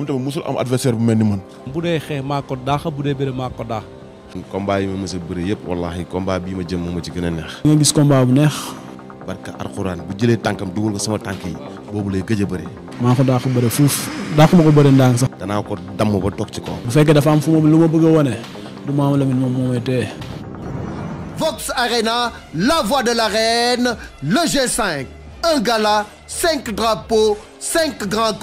moom tamit musul am adversaire bu mel ni man. bu dee xeex maa ko daax bu dee bëre maa ko daax. combat yi ma mës a bëri yëpp wallaahi combat bii ma jëm moo ma ci gën a neex. nga gis combat bu neex. barka alxuraan bu jëlee tànkam dugal ko sama tànk yi boobu lay gëj a bëri. daax bëri fuuf daax ma ko bëri ndànk sax. danaa ko damm ba toog ci kaw. bu fekkee dafa am fu mu lu ma bëgg a wane ma am la moom moo may la voix de l'arène le G5 un gala cinq drapeaux cinq grands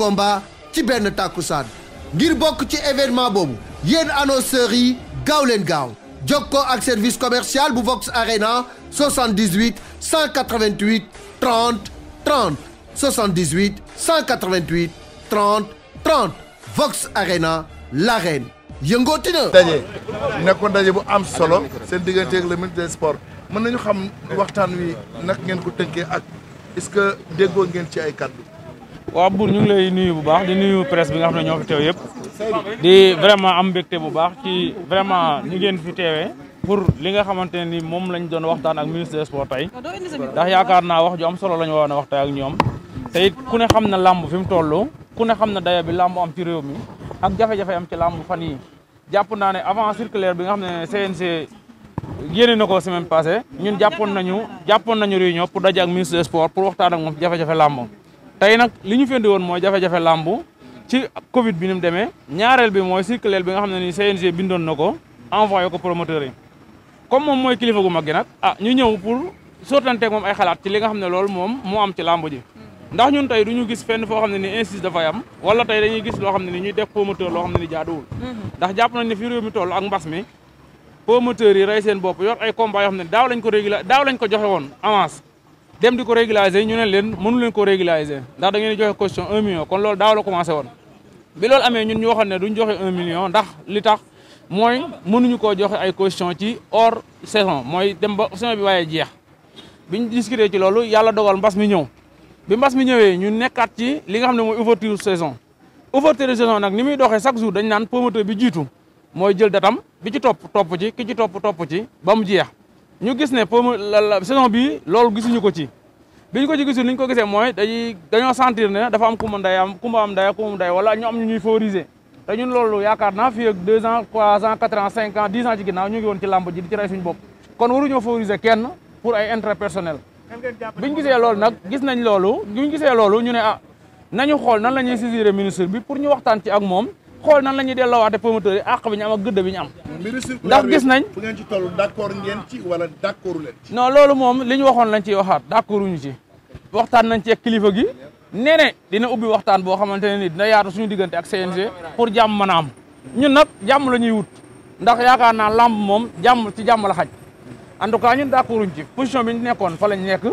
ci benn tàkkusaan ngir bokk ci événement boobu yéen annonceurs yi gaaw leen gaaw jokkoo ak service commercial bu Vox Arena 78 188 30 30 78 188 30 30 Vox Arena l'arène yëngooti na. daje nekkoon daje bu am solo seen diggante ak le de des sports mën nañu xam waxtaan wi nag ngeen ko tënkee ak est déggoo ngeen ci ay kàddu. waaw Bour ñu ngi lay nuyu bu baax di nuyu presse bi nga xam ne ñoo fi teew yëpp di vraiment am mbégte bu baax ci vraiment ñi ngeen fi teewee pour li nga xamante ne ni moom lañ doon waxtaan ak ministre des sports tey ah, yaakaar naa wax ju am solo lañ waroon a wax tey ak ñoom te ku ne xam na lamb fi mu toll ku ne xam na daya bi làmb am ci réew mi ak jafe-jafe am ci làmb fan yi jàpp naa ne avant circulaire bi nga xam ne CNG yéene na ko semaine passée ñun jàppoon nañu jàppoon nañu réunion pour daje ak ministre des sports pour waxtaan ak moom ci jafe-jafe làmb tey nag li ñu fendi woon mooy jafe-jafe làmb ci Covid bi ni mu demee ñaareel bi mooy circulaire bi nga xam ne ni CNG bindoon na ko envoyé ko promoteur yi comme moom mooy kilifa gu mag gi nag ah ñu ñëw pour sootanteeg moom ay xalaat ci li nga xam ne loolu moom moo am ci làmb ji ndax ñun tey du ñu gis fenn foo xam ne ni insiste dafay am wala tey dañuy gis loo xam ne ni ñuy def promoteur loo xam ne ni jaaduwul mhm. ndax jàpp nañ ne fi réew tool toll ak mbas mi promoteurs yi rey seen bopp yor ay combat yoo ne daaw lañ ko régulé daaw lañ ko joxe woon avance dem di ko régulariser ñu ne leen mënu leen ko régulariser ndax da ngeen di joxe caution 1 million kon loolu daaw la commencé woon bi loolu amee ñun ñu waxoon ne duñ joxe 1 million ndax li tax mooy mënuñu koo joxe ay caution ci hors saison mooy dem ba saison bi waaye jeex biñ discuter ci loolu yàlla dogal mbas mi ñëw bi mbas mi ñëwee ñun nekkaat ci li nga xam ne mooy ouverture saison ouverture saison nag ni muy doxee chaque jour dañ naan promoteur bi jiitu mooy jël datam bi ci topp topp ci ki ci topp topp ci ba mu jeex ñu gis ne pour saison bi loolu gisuñu ko ci bi ñu ko ci gisul ni ñu ko gisee mooy dañuy dañoo sentir ne dafa am kumba nday am kumba am nday kumba nday wala ñu am ñu ñuy favoriser te ñun loolu yaakaar naa fii ak deux ans trois ans quatre ans cinq ans dix ans ci ginnaaw ñu ngi woon ci làmb ji di ci rey suñu bopp kon waruñoo favoriser kenn pour ay intérêt personnel bi ñu gisee loolu nag gis nañ loolu ñu gisee loolu ñu ne a ah, nañu xool nan la ñuy saisir ministre bi pour ñu waxtaan ci ak moom xool nan la ñuy delloowaate promoteur yi àq bi ñu am ak gëdd bi am ndax gis nañ fu ngeen ci toll d'accord ngeen ci wala loolu moom li ñu waxoon lañ ciy waxaat d'accord uñu ci waxtaan nañ ci kilifa gi nee dina ubbi waxtaan boo xamante ne ni dina yaatu suñu diggante ak CNG pour jàmm mën a am ñun nag jàmm la ñuy wut ndax yaakaar naa lamb moom jàmm ci jàmm la xaj en tout cas ñun d'accorduñ ci position bi ñu nekkoon fa lañ nekk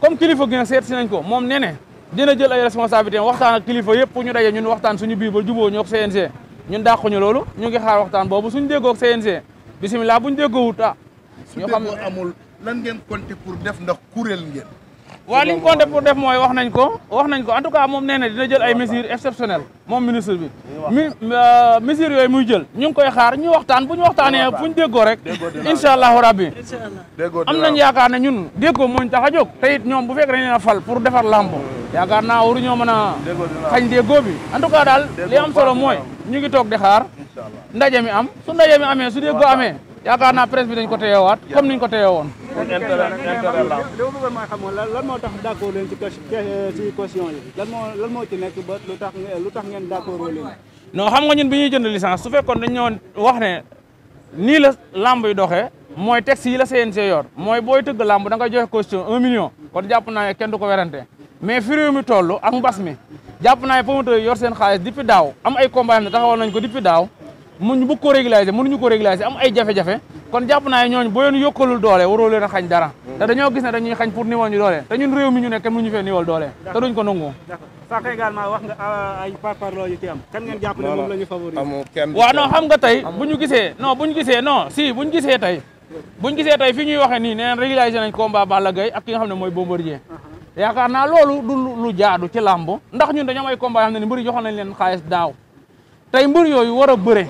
comme kilifa gi nag seet si nañ ko moom nee dina jël ay responsabilité waxtaan ak kilifa yëpp pour ñu daje ñun waxtaan suñu biir ba juboo ñoo ak CNG ñun dàquñu loolu ñu ngi xaar waxtaan boobu suñu déggoo ak CNG bisimilah buñ déggoowut ah ñu xam amul lan ngeen compté pour def ndax kuréel ngeen waaw liñ compté pour def mooy wax nañ ko wax nañ ko en tout cas moom nee na dina jël ay mesures exceptionnelles moom ministre bi mi euh, mesures yooyu muy jël ñu ngi koy xaar ñu waxtaan bu ñu waxtaanee bu ñu déggoo rek incha allahu rabbi am nañ yaakaar ne ñun déggoo mooñ tax a it ñoom bu fekk fal pour defar lamb yaakaar naa waruñoo mën a xañ déggoo bi en tout daal li am solo mooy ñu ngi toog di xaar ndaje mi am su ndaje mi amee su déggoo amee yaakaar naa presse bi dañ ko teyewaat comme niñ ko teye woon dama bëggoon mooy xamoon moo tax d'accord leen ci ci caution yi moo ci nekk ba lu tax lu tax ngeen d'accord leen non xam nga ñun bi ñuy jënd licence su fekkoon dañ ñëwoon wax ne nii la lamb yi doxee mooy texte yi la CNG yor mooy booy tëgg lamb da nga joxe caution un million kon jàpp naa ne kenn du ko werante mais fi réew mi toll ak mbas mi jàpp naa ne promoteur yor seen xaalis depuis daaw am ay combat ne taxawal nañ ko depuis daaw mu ñu bëgg ko régulariser mënuñu ko régulariser am ay jafe-jafe kon jàpp naa ne ñooñu boo leen yokkalul doole waroo leen a xañ dara te dañoo gis ne dañuy xañ pour niwal ñu doole te ñun réew mi ñu nekk mënuñu fee niwal doole te duñ ko nangu sànq également wax nga ah, ay parparloo yu ci am jàpp ne moom la ñu favori waaw non xam nga tey bu ñu gisee non bu ñu gisee non si bu ñu gisee tey bu ñu gisee tey fi ñuy waxee nii nee régulariser nañ combat Balla Gaye ki nga xam ne mooy Bombardier yaakaar naa loolu du lu jaadu ci làmb ndax ñun dañoo am ay combat yoo xam ne mbër yi joxoon nañ leen xaalis daaw tey mbër yooyu war a bëre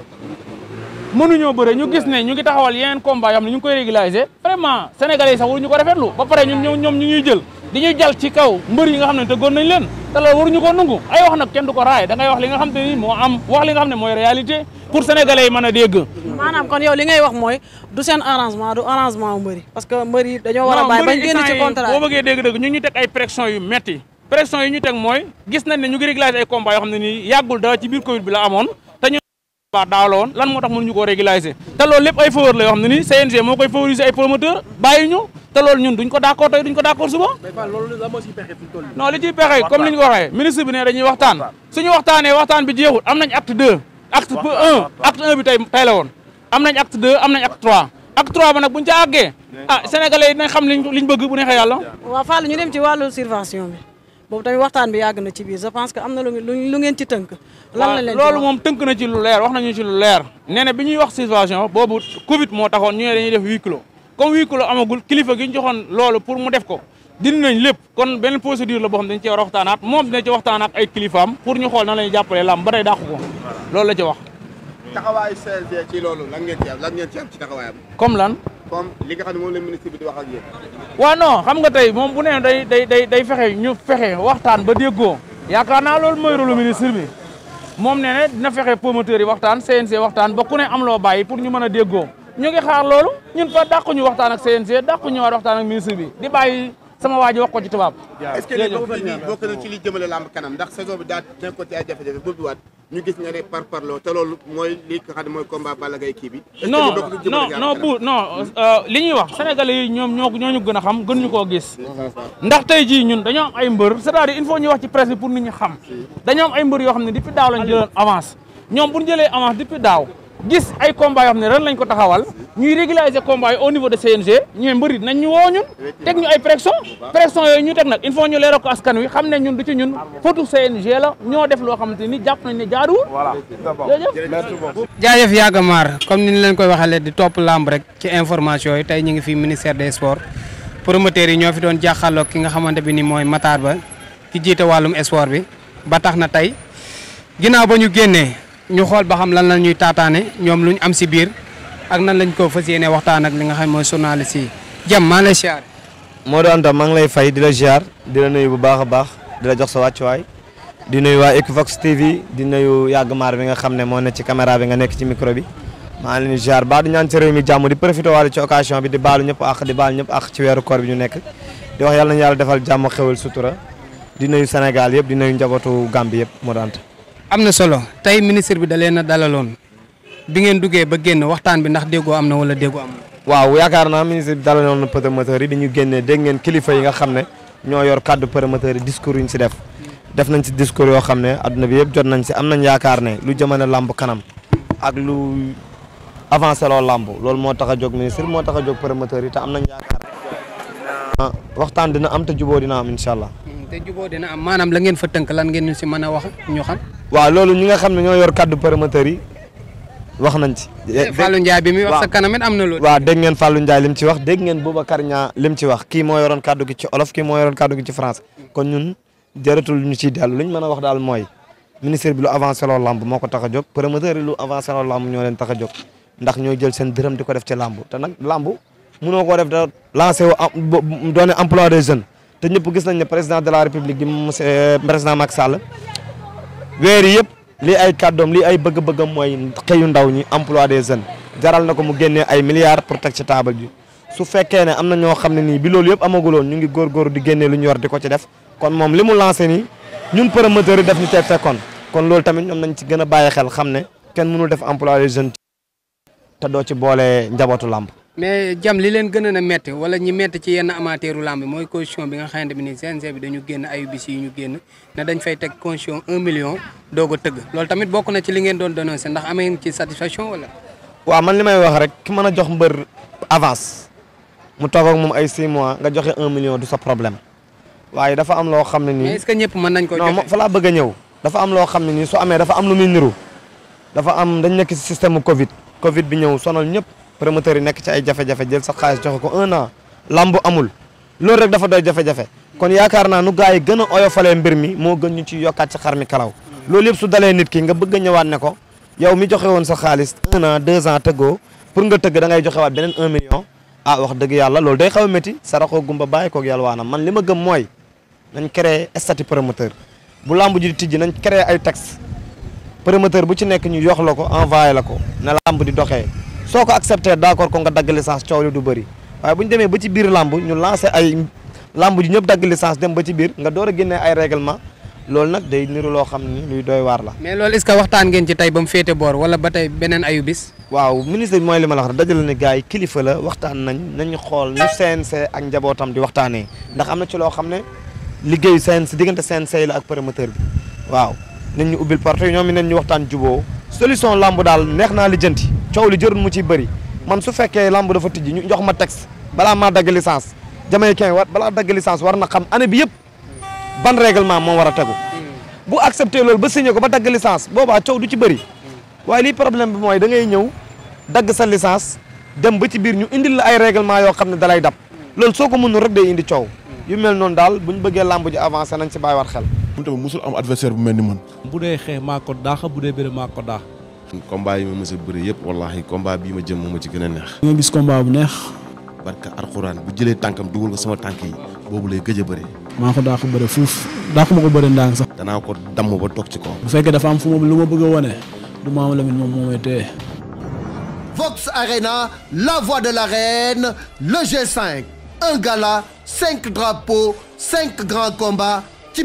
mënuñoo bëre ñu gis ne ñu ngi taxawal yeneen combat yoo xam ne ñu ngi koy régulariser vraiment sénégalais yi ko rafetlu ba pare ñun ñoom ñu ñuy jël di ñuy jal ci kaw mbër yi nga xam ne tëggoon nañ leen te loolu waruñu ko nungu ay wax nag kenn du ko raay dangay ngay wax li nga xam te ni moo am wax li nga xam ne mooy réalité pour sénégalais yi mën a dégg maanaam kon yow li ngay wax mooy du seen arrangement du arrangement mbëri parce que mbëri dañoo war a bàyyi bañ génn ci contrat boo bëggee dégg-dégg ñu ngi teg ay pression yu metti pression yi ñu teg mooy gis nañ ne ñu ngi régulariser ay combat yoo xam ne nii yàggul dara ci biir Covid bi la amoon te ñu ba daaloon lan moo tax mënuñu koo régulariser te loolu lépp ay faveur la yoo xam ne nii CNG moo koy favoriser ay promoteur bàyyi ñu te loolu ñun duñ ko d'accord tey duñ ko d'accord suba non li ciy pexe comme li ñu ko waxee ministre bi ne dañuy waxtaan suñu waxtaanee waxtaan bi jeexul am nañ acte deux acte 1 acte 1 bi tey tey la woon am nañ ak am nañ acte trois acte trois ba nag buñ ca àggee ah sénégalais yi dinañ xam liñ bëgg bu neexee yàlla waaw Fallou ñu dem ci wàllu subvention bi boobu tamit waxtaan bi yàgg na ci biir je pense que am na lu lu ngeen ci tënk lan la leen loolu moom tënk na ci lu leer wax nañu ci lu leer nee na bi ñuy wax subvention boobu covid moo taxoon ñu ne dañuy def huis clos comme amagul kilifa gi ñu joxoon loolu pour mu def ko dindi nañ lépp kon benn procédure la boo xam dañ a waxtaanaat moom dina ci waxtaan ak pour ñu xool na lañuy jàppalee làmb ba tey ko loolu la ci wax taxawaayu CNG ci loolu la ngeen ci ngeen ci am ci taxawaayam. comme lan. comme li nga xam ne moom la ministre bi di wax ak yéen. waaw xam nga tey moom bu nee day day day day fexe ñu fexe waxtaan ba déggoo. yaakaar naa loolu mooy rôle ministre bi moom nee na dina fexe promoteur yi waxtaan CNG waxtaan ba ku ne am loo bàyyi pour ñu mën a déggoo. ñu ngi xaar loolu ñun fa dàqu ñu waxtaan ak CNG dàqu ñu waxtaan ak ministre bi di bàyyi. sama waa ji wax ko ci tubaab. est-ce que bokk na ci ndax saison bi daa nekkoon ci ay jafe ñu gis nga ne par parloo te loolu mooy li nga xam ne mooy combat Balla Gaye kii bi. non non non bu non euh, li ñuy wax sénégalais yi ñoom ñoo ñoo ñu gën a xam gën ñu koo gis. ndax tey jii ñun dañoo am ay mbër c'est-à-dire il faut ñu wax ci presse pour nit ñi xam. dañoo am ay mbër yoo xam ne depuis daaw lañ jëloon avance ñoom bu ñu jëlee avance depuis daaw gis ay combat yoo xam ne ren lañ ko taxawal ñuy régulariser combat yi au niveau de CNG ñooy mbëri nañ ñu woo ñun teg ñu ay pression pression yooyu ñu teg nag il faut ñu leeral ko askan wi xam ne ñun du ci ñun fautu CNG la ñoo def loo ni jàpp nañ ne jaaduwul jërëjëf jaajëf yàgg maar comme ni ñu leen koy waxalee di topp lamb rek ci information yi tey ñu ngi fi ministère des sports promoteurs yi ñoo fi doon jàkkaarloo ki nga xamante bi ni mooy Matar Ba ki jiite wàllum sport bi ba tax na tey ginnaaw ba ñu génnee ñu xool ba xam lan la ñuy taataane ñoom lu ñu am si biir ak nan lañ ko fas yéene waxtaan ak li nga xam mooy journaliste yi jam maa moo doon tam maa ngi lay fay di la ziar di la nuyu bu baax a baax di la jox sa wàccuwaay di nuyu waa Equivox di nuyu yàgg maar bi nga xam ne moo ne ci caméra bi nga nekk ci micro bi. maa ngi leen di ziar baax di ñaan jàmm di profité waale ci bi di baalu ñëpp ak di baalu ñëpp ak ci ñu nekk di yàlla na yàlla defal jàmm xewal sutura di nuyu Sénégal yëpp di nuyu njabootu Gambie yëpp moo doon am na solo tey ministre bi da leen a dalaloon bi ngeen duggee ba génn waxtaan bi ndax déggoo am na wala déggoo am na. waaw yaakaar naa ministre bi dalaloon na promoteurs yi dañu génnee dégg ngeen kilifa yi nga xam ne ñoo yor kàddu promoteurs yi discours yu ñu si def. def nañ si discours yoo xam ne adduna bi yëpp jot nañ si am nañ yaakaar ne lu jamono làmb kanam ak lu avancé loo làmb loolu moo tax a jóg ministre moo tax a jóg promoteurs yi te am nañ yaakaar ne waxtaan dina am te juboo dina am incha allah. Hmm, te juboo dina am maanaam la ngeen fa tënk lan ngeen si mën a wax ñu xam. waaw loolu ñi nga xam ne ñoo yor kaddu promoteurs yi wax nañ ci. Eh, Fallou bi muy wax sa kanam it am na loolu. waaw dégg ngeen Fallou Ndiaye lim ci wax dégg ngeen Boubacar Niang lim ci wax kii moo yoroon kaddu gi ci olof kii moo yoroon kaddu gi ci France kon ñun jëratul ñu ciy dellu li ñu mën a wax daal mooy ministère bi lu avancé loo lamb moo ko tax a jóg promoteur yi lu avancé loo lamb ñoo leen tax a jóg ndax ñoo jël seen dërëm di ko def ci lamb te nag lamb mënoo ko def da lancé wu doone emploi des jeunes te ñëpp gis nañ ne président de la république di monsieur euh, président Macky weer yëpp lii ay kàddoom lii ay bëgg-bëggam mooy xëyu ndaw ñi emploi des jeunes jaral na ko mu génnee ay milliards pour teg ci table bi su fekkee ne am na ñoo xam ne nii bi loolu yëpp amaguloon ñu ngi góor góor di génnee lu ñu yor di ko ci def kon moom li mu lancé nii ñun promoteurs yi def ñu tey fekkoon kon loolu tamit ñoom nañ ci gën a bàyyi xel xam ne kenn mënul def emploi des jeunes te doo ci boolee njabootu làmb mais jam li leen gën a metti wala ñi metti ci yenn amateuru làmb mooy caution bi nga xamante bi ni CNG bi dañu génn ayu bis ñu génn ne dañ fay teg caution un million doog a tëgg loolu tamit bokk na ci li ngeen doon dénoncé ndax amee ngeen ci satisfaction wala. waaw man li may wax rek ki mën a jox mbër avance mu toog moom ay si mois nga joxe un million du sa problème waaye dafa am loo xam ne nii. mais est ñëpp mën nañ ko joxe non bëgg a ñëw. dafa am loo xam ne nii su amee dafa am lu muy niru dafa am dañ nekk si système mu Covid Covid bi ñëw sonal ñëpp. promoteur yi nekk ci ay jafe-jafe jël sa xaalis joxe ko un an lamb amul loolu rek dafa doy jafe-jafe kon yaakaar naa nu gars yi gën a oyofalee mbir mi moo gën ñu ci yokkaat ci xar mi kalaw loolu yëpp su dalee nit ki nga bëgg a ñëwaat ne ko yow mi joxe woon sa xaalis un an deux ans tëggoo pour nga tëgg da ngay joxewaat beneen un million a ah wax dëgg yàlla loolu day xaw a métti saraxoo gumba bàyyi koog yàlla waanam man li ma gëm mooy nañ créé statut promoteur bu lamb ji di tijji nañ créé ay texte promoteur bu ci nekk ñu yox la ko envoyé la ko na lamb di doxee soo ko accepté d'accord ko nga dagg licence coow li du bëri waaye bu ñu demee ba ci biir làmb ñu lancé ay làmb ji ñëpp dagg licence dem ba ci biir nga door a génnee ay règlement loolu nag day niru loo xam ni luy doy waar la. mais loolu est-ce que waxtaan tey ba mu boor wala ba tey beneen ayu bis. waaw ministre bi mooy li ma la wax dajale ne gars yi kilifa la waxtaan nañ nañu xool ñu CNC ak njabootam di waxtaanee ndax am na ci loo xam ne liggéeyu CNC diggante CNC la ak promoteur bi waaw nañ ñu ubbil porte ñoom it nañ ñu waxtaan juboo solution làmb daal neex naa lijjanti. coow li jërul mu ci bari man su fekkee lamb dafa tijji ñu jox ma texte balaa maa dagg licence jamaïcain war balaa dagg licence war na xam année bi yëpp ban règlement moom war a tegu bu accepté loolu ba signé ko ba dagg licence boobaa coow du ci bëri waaye lii problème bi mooy da ngay ñëw dagg sa licence dem ba ci biir ñu indi la ay règlement yoo xam ne dalay dab loolu soo ko mënul rek day indi coow yu mel noonu daal buñ bëggee lamb ji avancé nañ ci bàyyiwaat xel. moom bu mel ni man. bu dee xeex maa ko daax bu dee bëre maa ko daax. combat yi ma mës a bëri yëpp wallaahi combat bii ma jëm moo ma ci gën a neex. di nga gis combat bu neex. barka alxuraan bu jëlee tànkam dugal ko sama tànk yi boobu lay gëj a bëri. maa ko daa ko fuuf daa ma ko bëri ndànk sax. danaa ko damm ba toog ci kaw. bu fekkee dafa am fu mu lu ma bëgg a wane du ma am moom moomay téye. la voix de l'arène le G5 un gala cinq drapeaux cinq grands combats ci